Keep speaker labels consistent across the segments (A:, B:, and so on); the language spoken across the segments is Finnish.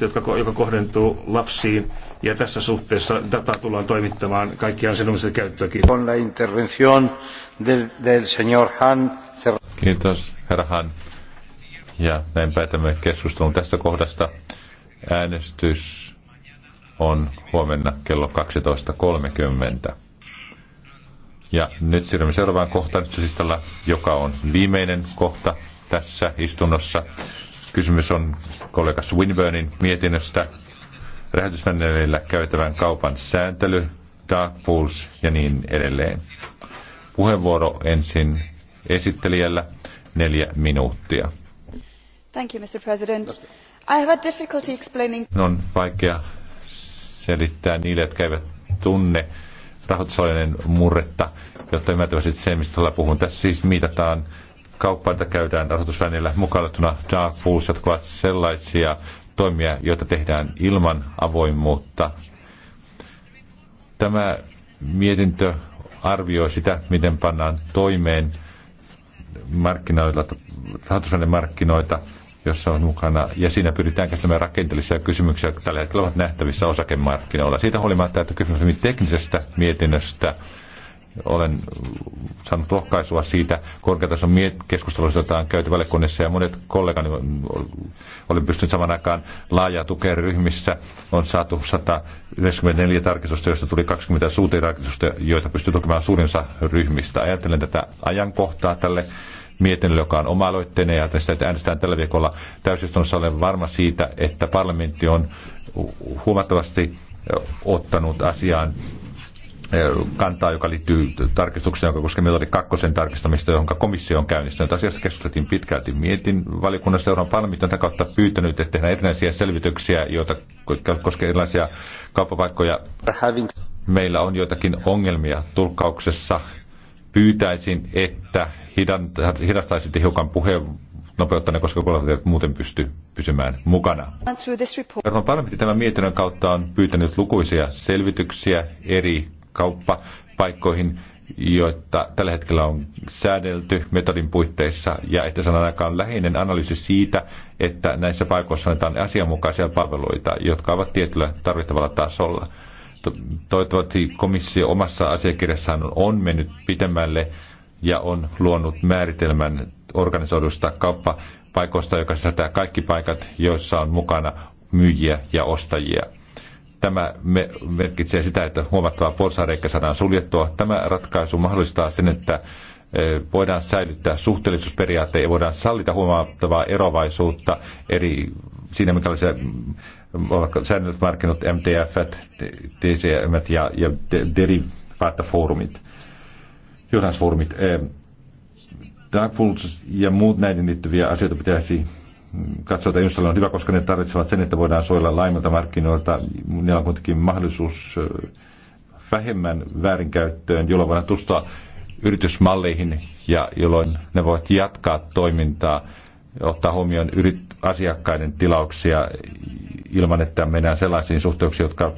A: jotka, joka kohdentuu lapsiin, ja tässä suhteessa dataa tullaan toimittamaan kaikkia asianomaisen käyttöön. Kiitos.
B: Kiitos, herra Han. Ja näin päätämme keskustelun tästä kohdasta. Äänestys on huomenna kello 12.30. Ja nyt siirrymme seuraavaan kohtaan, joka on viimeinen kohta tässä istunnossa. Kysymys on kollega Swinburnin mietinnöstä lähetysvälineillä käytävän kaupan sääntely, dark pools ja niin edelleen. Puheenvuoro ensin esittelijällä neljä minuuttia.
A: Thank you, Mr. President. I have a difficulty explaining...
B: On vaikea selittää niille, jotka eivät tunne rahoitusalueiden murretta, jotta ymmärtävät sen, mistä puhun. Tässä siis mitataan kauppaita jota käydään rahoitusvälineillä mukaan dark pools, jotka ovat sellaisia toimia, joita tehdään ilman avoimuutta. Tämä mietintö arvioi sitä, miten pannaan toimeen markkinoilla, markkinoita jossa on mukana, ja siinä pyritään käsittämään rakenteellisia kysymyksiä, jotka tällä hetkellä ovat nähtävissä osakemarkkinoilla. Siitä huolimatta, että kysymys on hyvin teknisestä mietinnöstä, olen saanut rohkaisua siitä korkeatason keskustelusta, jota on käyty valiokunnassa ja monet kollegani olen pystynyt saman aikaan laajaa tukea ryhmissä. On saatu 194 tarkistusta, joista tuli 20 suuteen tarkistusta, joita pystyy tukemaan suurin osa ryhmistä. Ajattelen tätä ajankohtaa tälle mietinnölle, joka on oma-aloitteinen ja tästä äänestetään tällä viikolla täysistunnossa. Olen varma siitä, että parlamentti on huomattavasti ottanut asiaan kantaa, joka liittyy tarkistukseen, joka koskee metodi kakkosen tarkistamista, jonka komissio on käynnistynyt. asiassa keskusteltiin pitkälti mietin valiokunnassa Euroopan parlamentin kautta pyytänyt, että tehdään erilaisia selvityksiä, joita koskee erilaisia kauppapaikkoja. Meillä on joitakin ongelmia tulkkauksessa. Pyytäisin, että hidastaisitte hiukan puheenvuoron ne, koska kuulevat eivät muuten pysty pysymään mukana. Euroopan parlamentti tämän mietinnön kautta on pyytänyt lukuisia selvityksiä eri kauppapaikkoihin, joita tällä hetkellä on säädelty metodin puitteissa, ja että on aikaan läheinen analyysi siitä, että näissä paikoissa annetaan asianmukaisia palveluita, jotka ovat tietyllä tarvittavalla tasolla. Toivottavasti komissio omassa asiakirjassaan on mennyt pitemmälle ja on luonut määritelmän organisoidusta kauppapaikoista, joka sisältää kaikki paikat, joissa on mukana myyjiä ja ostajia. Tämä merkitsee sitä, että huomattava porsareikä saadaan suljettua. Tämä ratkaisu mahdollistaa sen, että e, voidaan säilyttää suhteellisuusperiaate ja voidaan sallita huomattavaa erovaisuutta eri, siinä minkälaisia säännöt markkinat, MTF, TCM ja, ja derivaattafoorumit, johdansfoorumit. E, Dark ja muut näiden liittyviä asioita pitäisi katsoo, että Installa on hyvä, koska ne tarvitsevat sen, että voidaan suojella laimilta markkinoilta. Niillä on kuitenkin mahdollisuus vähemmän väärinkäyttöön, jolloin voidaan tustaa yritysmalleihin ja jolloin ne voivat jatkaa toimintaa, ottaa huomioon yrit, asiakkaiden tilauksia ilman, että mennään sellaisiin suhteuksiin, jotka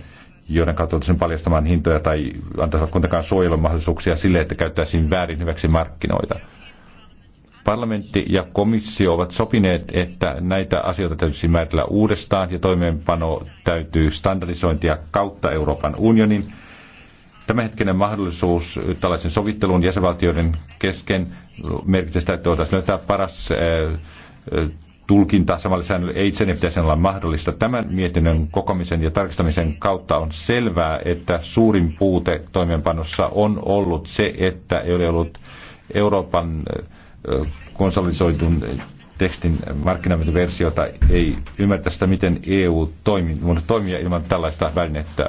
B: joiden kautta tulisi paljastamaan hintoja tai antaisivat kuitenkaan suojelun mahdollisuuksia sille, että käyttäisiin väärin hyväksi markkinoita. Parlamentti ja komissio ovat sopineet, että näitä asioita täytyisi määritellä uudestaan ja toimeenpano täytyy standardisointia kautta Euroopan unionin. Tämänhetkinen mahdollisuus tällaisen sovitteluun jäsenvaltioiden kesken merkitsee sitä, että voitaisiin löytää paras äh, äh, tulkinta samalla säännöllä ei sen pitäisi olla mahdollista. Tämän mietinnön kokomisen ja tarkistamisen kautta on selvää, että suurin puute toimeenpanossa on ollut se, että ei ole ollut Euroopan äh, konsolisoidun tekstin markkinamyyntiversiota ei ymmärtä sitä, miten EU toimii, mutta toimia ilman tällaista välinettä.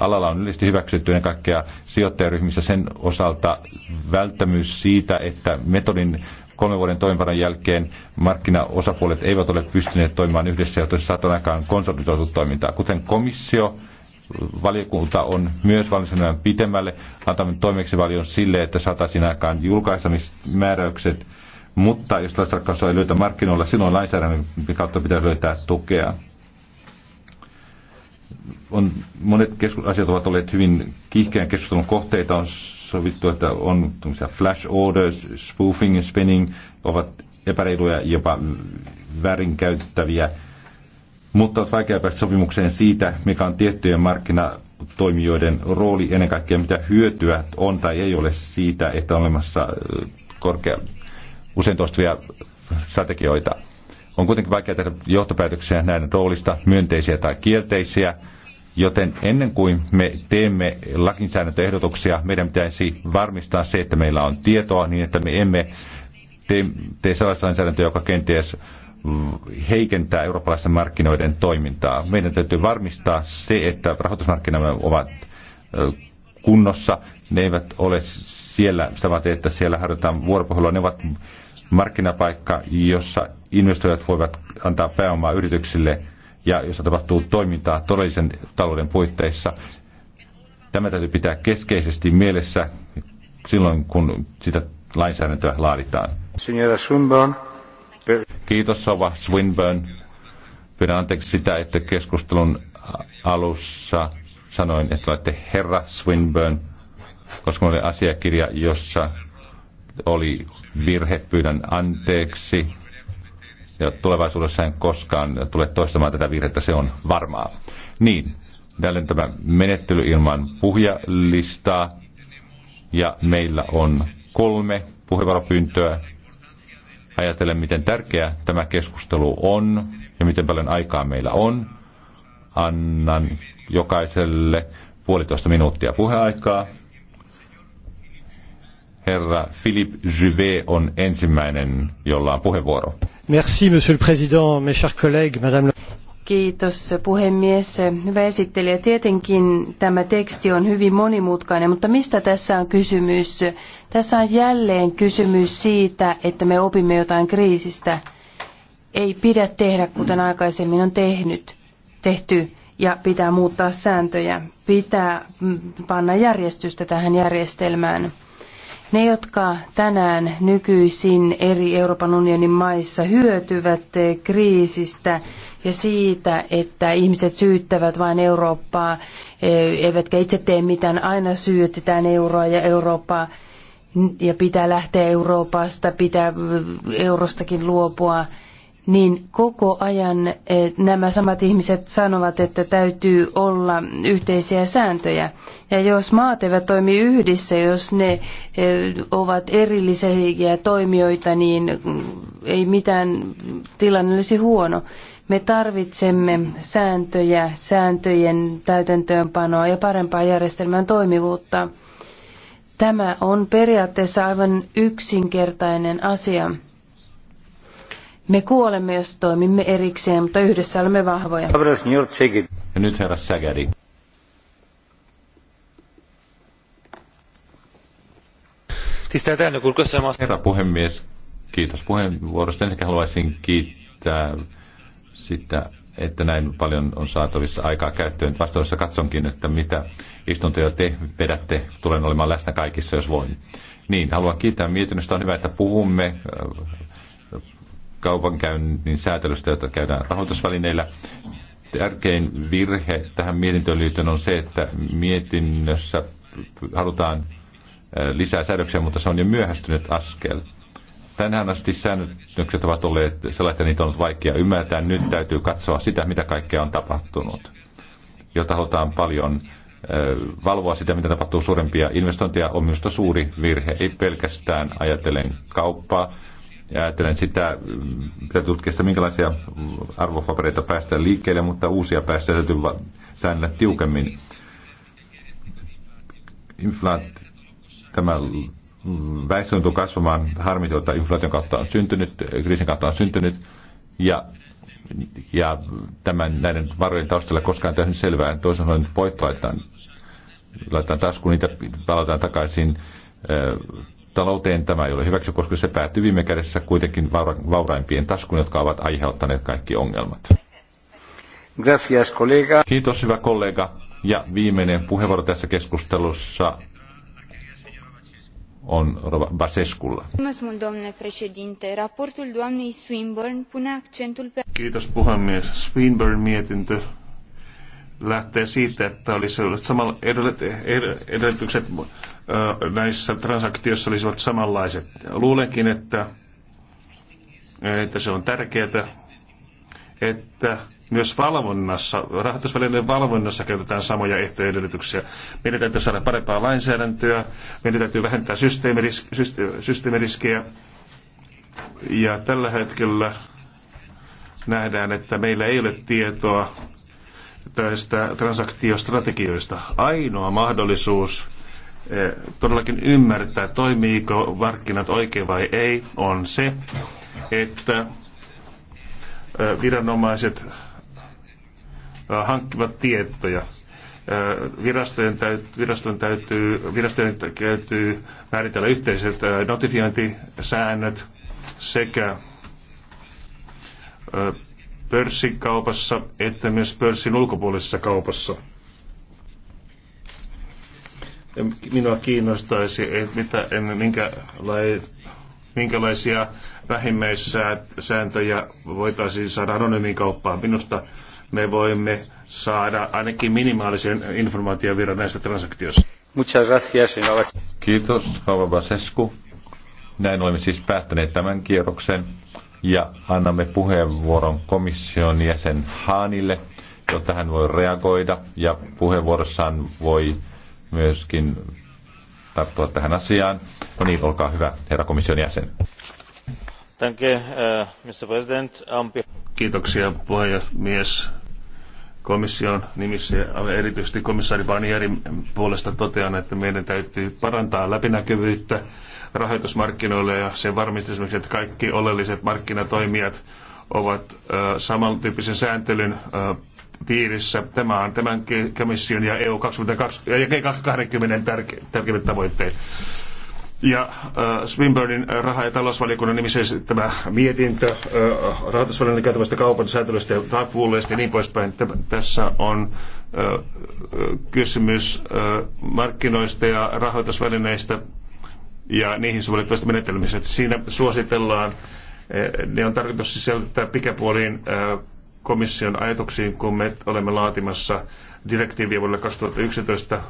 B: Alalla on yleisesti hyväksytty ennen kaikkea sijoittajaryhmissä sen osalta välttämys siitä, että metodin kolmen vuoden toimivaran jälkeen markkinaosapuolet eivät ole pystyneet toimimaan yhdessä, joten saatan aikaan konsolidoitu toimintaa. Kuten komissio valiokunta on myös valmistunut pitemmälle antamme toimeksivalion sille, että saataisiin aikaan julkaisemismääräykset, mutta jos tällaista ratkaisua ei löytä markkinoilla, silloin lainsäädännön kautta pitää löytää tukea. On, monet keskus- asiat ovat olleet hyvin kiihkeän keskustelun kohteita. On sovittu, että on flash orders, spoofing ja spinning ovat epäreiluja, jopa väärinkäyttäviä mutta on vaikea päästä sopimukseen siitä, mikä on tiettyjen markkinatoimijoiden rooli, ennen kaikkea mitä hyötyä on tai ei ole siitä, että on olemassa korkea, usein toistuvia strategioita. On kuitenkin vaikea tehdä johtopäätöksiä näiden roolista, myönteisiä tai kielteisiä, joten ennen kuin me teemme lakinsäädäntöehdotuksia, meidän pitäisi varmistaa se, että meillä on tietoa niin, että me emme tee, tee sellaista lainsäädäntöä, joka kenties heikentää eurooppalaisten markkinoiden toimintaa. Meidän täytyy varmistaa se, että rahoitusmarkkinamme ovat kunnossa. Ne eivät ole siellä, sitä varten, että siellä harjoitetaan vuoropuhelua. Ne ovat markkinapaikka, jossa investoijat voivat antaa pääomaa yrityksille ja jossa tapahtuu toimintaa todellisen talouden puitteissa. Tämä täytyy pitää keskeisesti mielessä silloin, kun sitä lainsäädäntöä laaditaan. Signora Kiitos Sova Swinburne. Pyydän anteeksi sitä, että keskustelun alussa sanoin, että olette herra Swinburne, koska minulla oli asiakirja, jossa oli virhe, pyydän anteeksi. Ja tulevaisuudessa en koskaan tule toistamaan tätä virhettä, se on varmaa. Niin, tällöin tämä menettely ilman puhujalistaa. Ja meillä on kolme puheenvuoropyyntöä ajatellen, miten tärkeä tämä keskustelu on ja miten paljon aikaa meillä on, annan jokaiselle puolitoista minuuttia puheaikaa. Herra Philippe Juvet on ensimmäinen, jolla on puheenvuoro.
C: Merci, monsieur le président, mes chers collègues, madame le... Kiitos puhemies. Hyvä esittelijä. Tietenkin tämä teksti on hyvin monimutkainen, mutta mistä tässä on kysymys? Tässä on jälleen kysymys siitä, että me opimme jotain kriisistä. Ei pidä tehdä, kuten aikaisemmin on tehnyt, tehty, ja pitää muuttaa sääntöjä. Pitää mm, panna järjestystä tähän järjestelmään. Ne, jotka tänään nykyisin eri Euroopan unionin maissa hyötyvät eh, kriisistä ja siitä, että ihmiset syyttävät vain Eurooppaa, eh, eivätkä itse tee mitään, aina syytetään euroa ja Eurooppaa ja pitää lähteä Euroopasta, pitää eh, eurostakin luopua – niin koko ajan eh, nämä samat ihmiset sanovat, että täytyy olla yhteisiä sääntöjä. Ja jos maat eivät toimi yhdessä, jos ne eh, ovat erillisiä toimijoita, niin mm, ei mitään tilanne olisi huono. Me tarvitsemme sääntöjä, sääntöjen täytäntöönpanoa ja parempaa järjestelmän toimivuutta. Tämä on periaatteessa aivan yksinkertainen asia. Me kuolemme, jos toimimme erikseen, mutta yhdessä olemme vahvoja.
B: Ja nyt herra Sägeri. Herra puhemies, kiitos puheenvuorosta. Ehkä haluaisin kiittää sitä, että näin paljon on saatavissa aikaa käyttöön. Vastaavassa katsonkin, että mitä istuntoja te vedätte. Tulen olemaan läsnä kaikissa, jos voin. Niin, haluan kiittää mietinnöstä. On hyvä, että puhumme kaupankäynnin säätelystä, jota käydään rahoitusvälineillä. Tärkein virhe tähän mietintöön liittyen on se, että mietinnössä halutaan äh, lisää säädöksiä, mutta se on jo myöhästynyt askel. Tänään asti säännökset ovat olleet sellaista, niitä on ollut vaikea ymmärtää. Nyt täytyy katsoa sitä, mitä kaikkea on tapahtunut, jota halutaan paljon äh, valvoa sitä, mitä tapahtuu suurempia investointeja, on minusta suuri virhe. Ei pelkästään ajatellen kauppaa, ja ajattelen sitä, mm, pitää tutkista, minkälaisia arvopapereita päästään liikkeelle, mutta uusia päästöjä täytyy säännellä tiukemmin. Inflaat, tämä väestö tuntuu kasvamaan harmit, joita inflaation kautta on syntynyt, kriisin kautta on syntynyt, ja, ja tämän, näiden varojen taustalla koskaan täysin selvää. Toisin sanoen voit laitetaan, laitetaan taskuun, niitä palataan takaisin talouteen. Tämä ei ole hyväksi, koska se päättyy viime kädessä kuitenkin vaura- vauraimpien taskuun, jotka ovat aiheuttaneet kaikki ongelmat. Gracias, kollega. Kiitos, hyvä kollega. Ja viimeinen puheenvuoro tässä keskustelussa on Baseskulla.
A: Kiitos puhemies. Swinburne mietintö lähtee siitä, että olisi ollut samalla edellytykset näissä transaktioissa olisivat samanlaiset. Luulenkin, että, että se on tärkeää, että myös valvonnassa, rahoitusvälineiden valvonnassa käytetään samoja ehtoja edellytyksiä. Meidän täytyy saada parempaa lainsäädäntöä, meidän täytyy vähentää systeemiris, systeemiriskejä. Ja tällä hetkellä nähdään, että meillä ei ole tietoa tästä transaktiostrategioista. Ainoa mahdollisuus eh, todellakin ymmärtää, toimiiko markkinat oikein vai ei, on se, että eh, viranomaiset eh, hankkivat tietoja. Virastojen täytyy, virastojen täytyy, virastojen täytyy määritellä yhteiset notifiointisäännöt sekä pörssin kaupassa että myös pörssin ulkopuolisessa kaupassa. Minua kiinnostaisi, että mitä, minkä lai, minkälaisia vähimmäissääntöjä voitaisiin saada anonyymiin kauppaan. Minusta me voimme saada ainakin minimaalisen informaatiovirran näistä transaktioista.
B: Muchas gracias, Kiitos, Rauva Basescu. Näin olemme siis päättäneet tämän kierroksen ja annamme puheenvuoron komission jäsen Haanille, jotta hän voi reagoida ja puheenvuorossaan voi myöskin tarttua tähän asiaan. No niin, olkaa hyvä, herra komission jäsen.
A: Uh, um, Kiitoksia puhemies komission nimissä ja erityisesti komissaari Barnierin puolesta totean, että meidän täytyy parantaa läpinäkyvyyttä rahoitusmarkkinoille ja sen varmistamiseksi, että kaikki oleelliset markkinatoimijat ovat samantyyppisen sääntelyn piirissä. Tämä on tämän komission ja EU 22 ja G20 tärkeimmät tavoitteet ja äh, Swinburnin äh, raha- ja talousvaliokunnan nimissä tämä mietintö äh, rahoitusvälineen käytävästä kaupan säätelystä ja takuulleista ja niin poispäin. Tämä, tässä on äh, äh, kysymys äh, markkinoista ja rahoitusvälineistä ja niihin sovellettavista menetelmistä. Siinä suositellaan, äh, ne on tarkoitus sisältää pikäpuoliin äh, komission ajatuksiin, kun me olemme laatimassa direktiiviä vuodelle 2011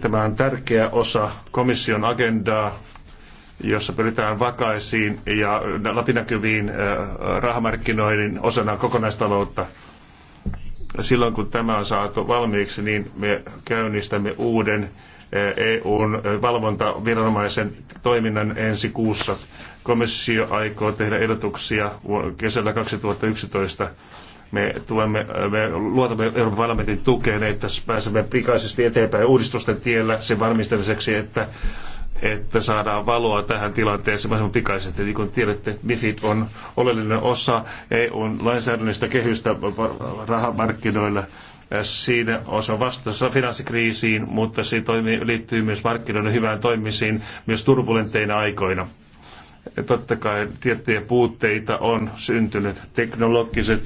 A: Tämä on tärkeä osa komission agendaa, jossa pyritään vakaisiin ja läpinäkyviin äh, rahamarkkinoihin osana kokonaistaloutta. Silloin kun tämä on saatu valmiiksi, niin me käynnistämme uuden äh, EUn äh, valvontaviranomaisen toiminnan ensi kuussa. Komissio aikoo tehdä ehdotuksia kesällä 2011 me, tuemme, me luotamme Euroopan parlamentin tukeen, että pääsemme pikaisesti eteenpäin uudistusten tiellä sen varmistamiseksi, että että saadaan valoa tähän tilanteeseen mahdollisimman pikaisesti. Niin kuin tiedätte, MIFID on oleellinen osa EUn lainsäädännöllistä kehystä rahamarkkinoilla. Siinä osa vastaus finanssikriisiin, mutta se toimii, liittyy myös markkinoiden hyvään toimisiin myös turbulenteina aikoina. Totta kai tiettyjä puutteita on syntynyt. Teknologiset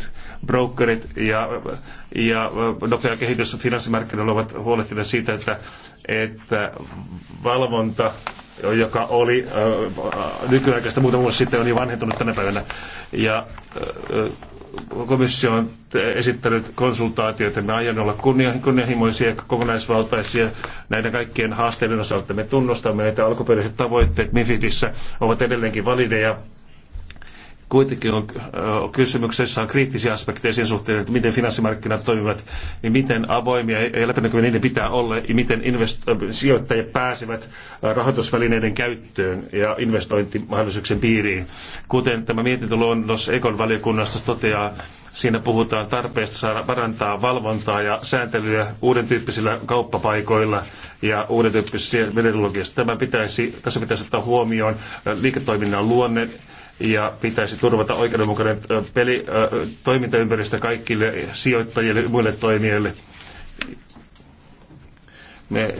A: brokerit ja, ja nopea kehitys finanssimarkkinoilla ovat huolehtineet siitä, että, että valvonta joka oli äh, nykyaikaista muutama vuosi sitten, on jo vanhentunut tänä päivänä. Ja äh, komissio on esittänyt konsultaatioita. Me aion olla kunnianhimoisia ja kokonaisvaltaisia näiden kaikkien haasteiden osalta. Me tunnustamme, että alkuperäiset tavoitteet MIFIDissä ovat edelleenkin valideja kuitenkin on kysymyksessä on kriittisiä aspekteja sen suhteen, että miten finanssimarkkinat toimivat, niin miten avoimia ja läpinäkyviä niiden pitää olla, ja miten invest- sijoittajat pääsevät rahoitusvälineiden käyttöön ja investointimahdollisuuksien piiriin. Kuten tämä luonnos Ekon valiokunnasta toteaa, Siinä puhutaan tarpeesta saada parantaa valvontaa ja sääntelyä uuden tyyppisillä kauppapaikoilla ja uuden tyyppisissä metodologiassa. Tämä pitäisi, tässä pitäisi ottaa huomioon liiketoiminnan luonne ja pitäisi turvata oikeudenmukainen peli, toimintaympäristö kaikille sijoittajille ja muille toimijoille. Me,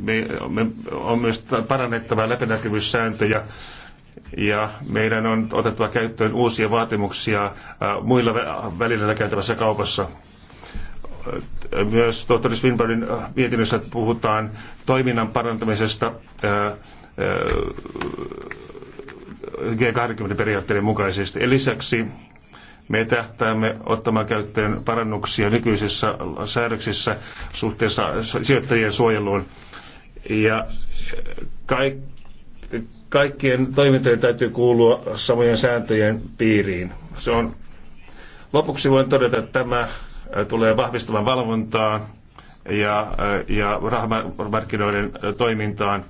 A: me, me on myös parannettava läpinäkyvyyssääntöjä ja meidän on otettava käyttöön uusia vaatimuksia äh, muilla välillä käytävässä kaupassa. Äh, myös tohtori Swinburnin äh, mietinnössä puhutaan toiminnan parantamisesta G20-periaatteiden mukaisesti. Lisäksi me tähtäämme ottamaan käyttöön parannuksia nykyisissä säädöksissä suhteessa sijoittajien suojeluun. Ja kaikki kaikkien toimintojen täytyy kuulua samojen sääntöjen piiriin. Se on, lopuksi voin todeta, että tämä äh, tulee vahvistamaan valvontaa ja, äh, ja rahamarkkinoiden äh, toimintaan.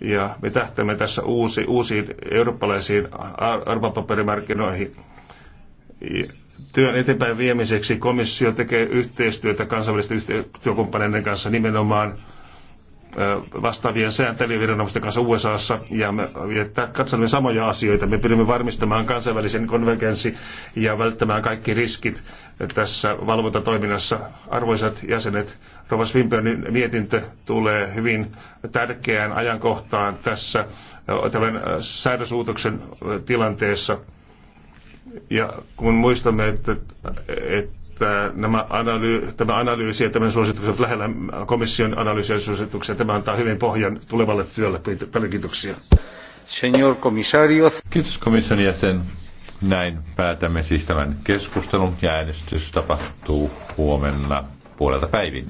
A: Ja me tähtäämme tässä uusi, uusiin eurooppalaisiin arvopaperimarkkinoihin. Työn eteenpäin viemiseksi komissio tekee yhteistyötä kansainvälisten yhteistyökumppaneiden kanssa nimenomaan vastaavien sääntelyviranomaisten kanssa USAssa ja me ja katsomme samoja asioita. Me pyrimme varmistamaan kansainvälisen konvergenssi ja välttämään kaikki riskit tässä valvontatoiminnassa. Arvoisat jäsenet, Rovas Wimpernin mietintö tulee hyvin tärkeään ajankohtaan tässä tämän säädösuutoksen tilanteessa. Ja kun muistamme, että, että että nämä analy- tämä analyysi ja tämän suositukset lähellä komission analyysiä ja suosituksia, tämä antaa hyvin pohjan tulevalle työlle. Paljon kiitoksia. Senior komisario. Kiitos komission
B: jäsen. Näin päätämme siis tämän keskustelun ja äänestys tapahtuu huomenna puolelta päivin.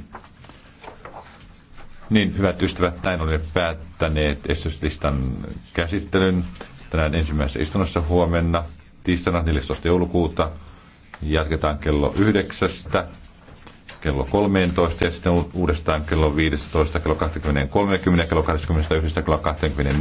B: Niin, hyvät ystävät, näin olemme päättäneet esityslistan käsittelyn tänään ensimmäisessä istunnossa huomenna tiistaina 14. joulukuuta Jatketaan kello yhdeksästä kello 13 ja sitten uudestaan kello 15, kello 20.30, kello 21, kello 24.